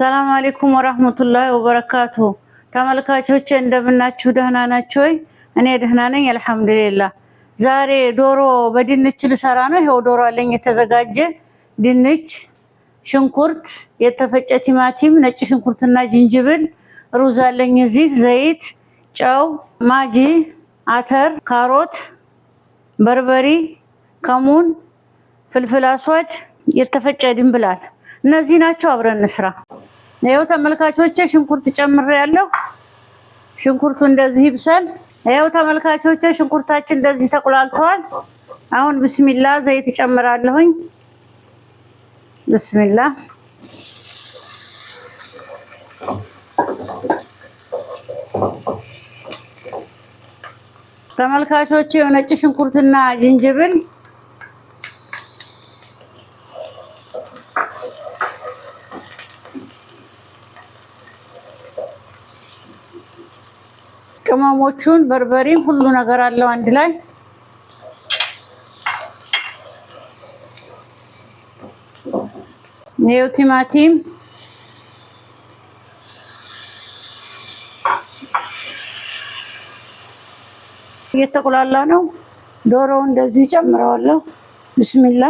ሰላም አሌይኩም ወራህመቱላሂ ወበረካቱ። ተመልካቾች እንደምናችሁ ደህና ናችሁ ወይ? እኔ ደህና ነኝ አልሐምዱሊላህ። ዛሬ ዶሮ በድንች ልሰራ ነው። ይኸው ዶሮ አለኝ የተዘጋጀ ድንች፣ ሽንኩርት፣ የተፈጨ ቲማቲም፣ ነጭ ሽንኩርትና ዝንጅብል፣ ሩዝ አለኝ እዚህ፣ ዘይት፣ ጨው፣ ማጂ፣ አተር፣ ካሮት፣ በርበሪ፣ ከሙን፣ ፍልፍል አስዋድ፣ የተፈጨ ድንብላል እነዚህ ናቸው። አብረን እንስራ። ይኸው ተመልካቾቼ ሽንኩርት ጨምሬያለሁ። ሽንኩርቱ እንደዚህ ይብሰል። ይኸው ተመልካቾቼ ሽንኩርታችን እንደዚህ ተቆላልተዋል። አሁን ብስሚላ ዘይት ጨምራለሁኝ። ብስሚላ ተመልካቾቼ የነጭ ሽንኩርትና ዝንጅብል ቅመሞቹን በርበሬም ሁሉ ነገር አለው አንድ ላይ ይኸው ቲማቲም እየተቆላላ ነው። ዶሮው እንደዚህ ጨምረዋለሁ። ብስሚላ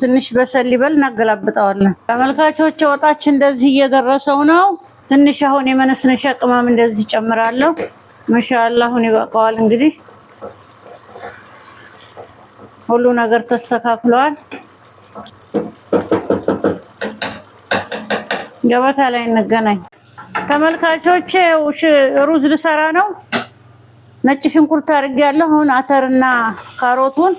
ትንሽ በሰል ይበል እናገላብጠዋለን። ተመልካቾች ወጣች እንደዚህ እየደረሰው ነው። ትንሽ አሁን የመነስነሻ ቅመም እንደዚህ ጨምራለሁ። መሻላ አሁን ይበቃዋል። እንግዲህ ሁሉ ነገር ተስተካክሏል። ገበታ ላይ እንገናኝ። ተመልካቾች ሩዝ ልሰራ ነው። ነጭ ሽንኩርት አድርጌያለሁ። አሁን አተርና ካሮቱን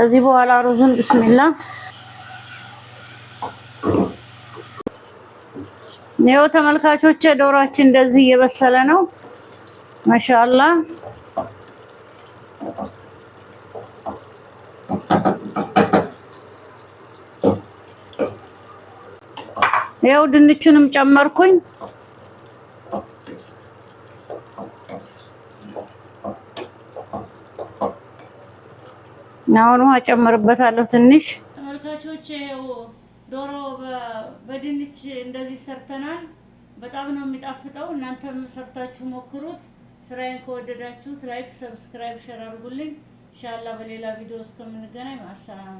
ከዚህ በኋላ ሩዙን ብስሚላ ይኸው ተመልካቾች ዶሯችን እንደዚህ እየበሰለ ነው። ማሻአላ ያው ድንቹንም ጨመርኩኝ። አሁን ውሃ ትንሽ። ተመልካቾች ዶሮ በድንች እንደዚህ ሰርተናል። በጣም ነው የሚጣፍጠው። እናንተም ሰርታችሁ ሞክሩት። ስራዬን ከወደዳችሁት ላይክ፣ ሰብስክራይብ፣ ሸር አድርጉልኝ። ኢንሻአላህ በሌላ ቪዲዮ እስከምንገናኝ ማሰላም